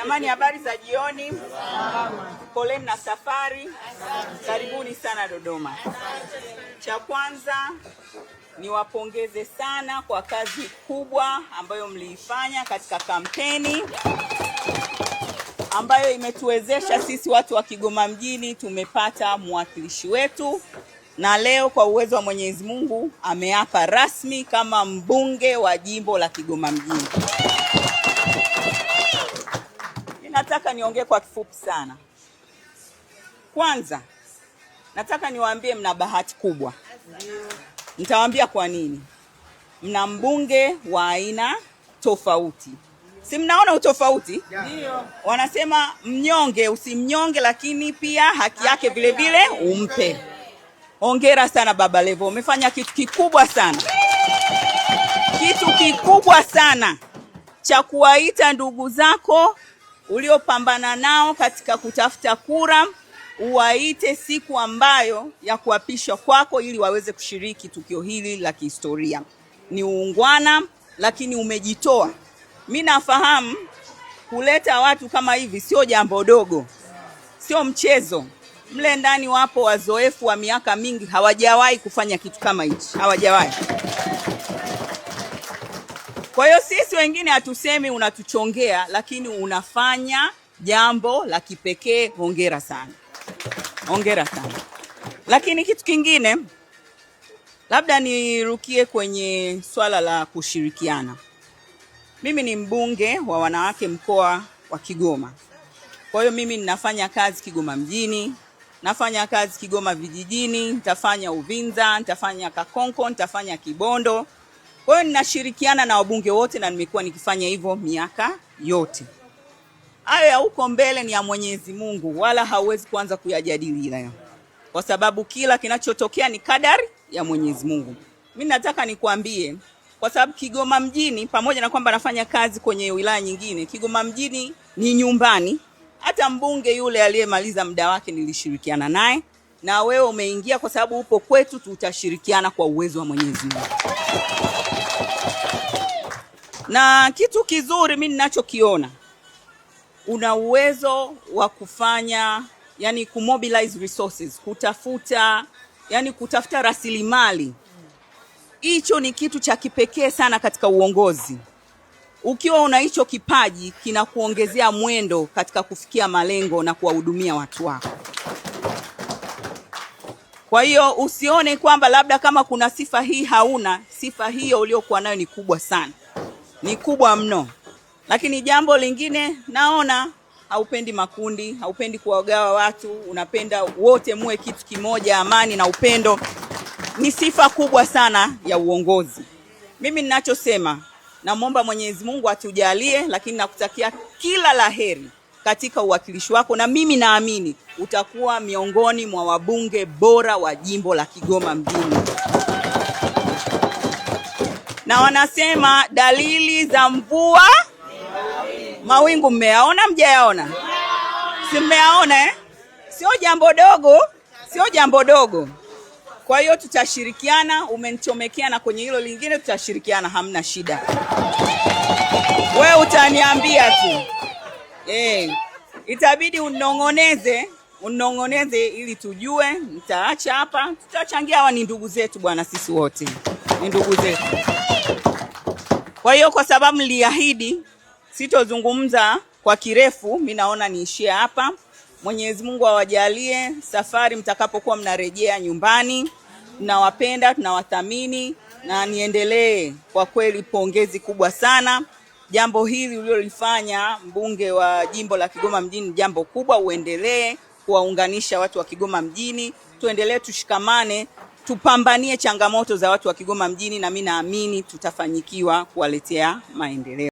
Jamani, habari za jioni. Poleni na safari, karibuni sana Dodoma. Cha kwanza niwapongeze sana kwa kazi kubwa ambayo mliifanya katika kampeni ambayo imetuwezesha sisi watu wa Kigoma mjini tumepata mwakilishi wetu, na leo kwa uwezo wa Mwenyezi Mungu ameapa rasmi kama mbunge wa jimbo la Kigoma mjini. Nataka niongee kwa kifupi sana. Kwanza nataka niwaambie mna bahati kubwa. Nitawaambia kwa nini. Mna mbunge wa aina tofauti, si mnaona utofauti? Ndio. Wanasema mnyonge usimnyonge, lakini pia haki yake vile vile umpe. Hongera sana Baba Levo, umefanya kitu kikubwa sana, kitu kikubwa sana cha kuwaita ndugu zako uliopambana nao katika kutafuta kura uwaite siku ambayo ya kuapishwa kwako ili waweze kushiriki tukio hili la kihistoria. Ni uungwana, lakini umejitoa. Mi nafahamu kuleta watu kama hivi sio jambo dogo, sio mchezo. Mle ndani wapo wazoefu wa miaka mingi, hawajawahi kufanya kitu kama hichi, hawajawahi kwa hiyo sisi wengine hatusemi unatuchongea, lakini unafanya jambo la kipekee. Hongera sana, hongera sana. Lakini kitu kingine, labda nirukie kwenye swala la kushirikiana. Mimi ni mbunge wa wanawake mkoa wa Kigoma, kwa hiyo mimi ninafanya kazi Kigoma mjini, nafanya kazi Kigoma vijijini, nitafanya Uvinza, nitafanya Kakonko, nitafanya Kibondo kwa hiyo ninashirikiana na wabunge wote na nimekuwa nikifanya hivyo miaka yote. Hayo ya huko mbele ni ya Mwenyezi Mungu, wala hauwezi kuanza kuyajadili leo, kwa sababu kila kinachotokea ni kadari ya Mwenyezi Mungu. Mimi nataka nikuambie, kwa sababu Kigoma mjini, pamoja na kwamba nafanya kazi kwenye wilaya nyingine, Kigoma mjini ni nyumbani. Hata mbunge yule aliyemaliza muda wake nilishirikiana naye na wewe umeingia kwa sababu upo kwetu, tutashirikiana kwa uwezo wa Mwenyezi Mungu. Na kitu kizuri mimi ninachokiona, una uwezo wa kufanya yani kumobilize resources, kutafuta yani kutafuta rasilimali. Hicho ni kitu cha kipekee sana katika uongozi. Ukiwa una hicho kipaji, kinakuongezea mwendo katika kufikia malengo na kuwahudumia watu wako. Kwa hiyo usione kwamba labda kama kuna sifa hii hauna, sifa hiyo uliokuwa nayo ni kubwa sana, ni kubwa mno. Lakini jambo lingine naona haupendi makundi, haupendi kuwagawa watu, unapenda wote muwe kitu kimoja, amani na upendo. Ni sifa kubwa sana ya uongozi. Mimi ninachosema, namwomba Mwenyezi Mungu atujalie, lakini nakutakia kila laheri katika uwakilishi wako, na mimi naamini utakuwa miongoni mwa wabunge bora wa jimbo la Kigoma mjini. Na wanasema dalili za mvua mawingu, mmeyaona mjayaona? Si mmeyaona eh? Sio jambo dogo, sio jambo dogo. Kwa hiyo tutashirikiana, umenichomekea na kwenye hilo lingine tutashirikiana, hamna shida. We utaniambia tu eh, itabidi unong'oneze unong'oneze ili tujue. Nitaacha hapa, tutachangia. Hawa ni ndugu zetu bwana, sisi wote ni ndugu zetu. Kwa hiyo kwa sababu niliahidi sitozungumza kwa kirefu, mi naona niishie hapa. Mwenyezi Mungu awajalie wa safari mtakapokuwa mnarejea nyumbani. Tunawapenda, tunawathamini na niendelee kwa kweli, pongezi kubwa sana jambo hili ulilolifanya mbunge wa jimbo la Kigoma mjini jambo kubwa, uendelee kuwaunganisha watu wa Kigoma mjini, tuendelee tushikamane, tupambanie changamoto za watu wa Kigoma mjini, na mimi naamini tutafanyikiwa kuwaletea maendeleo.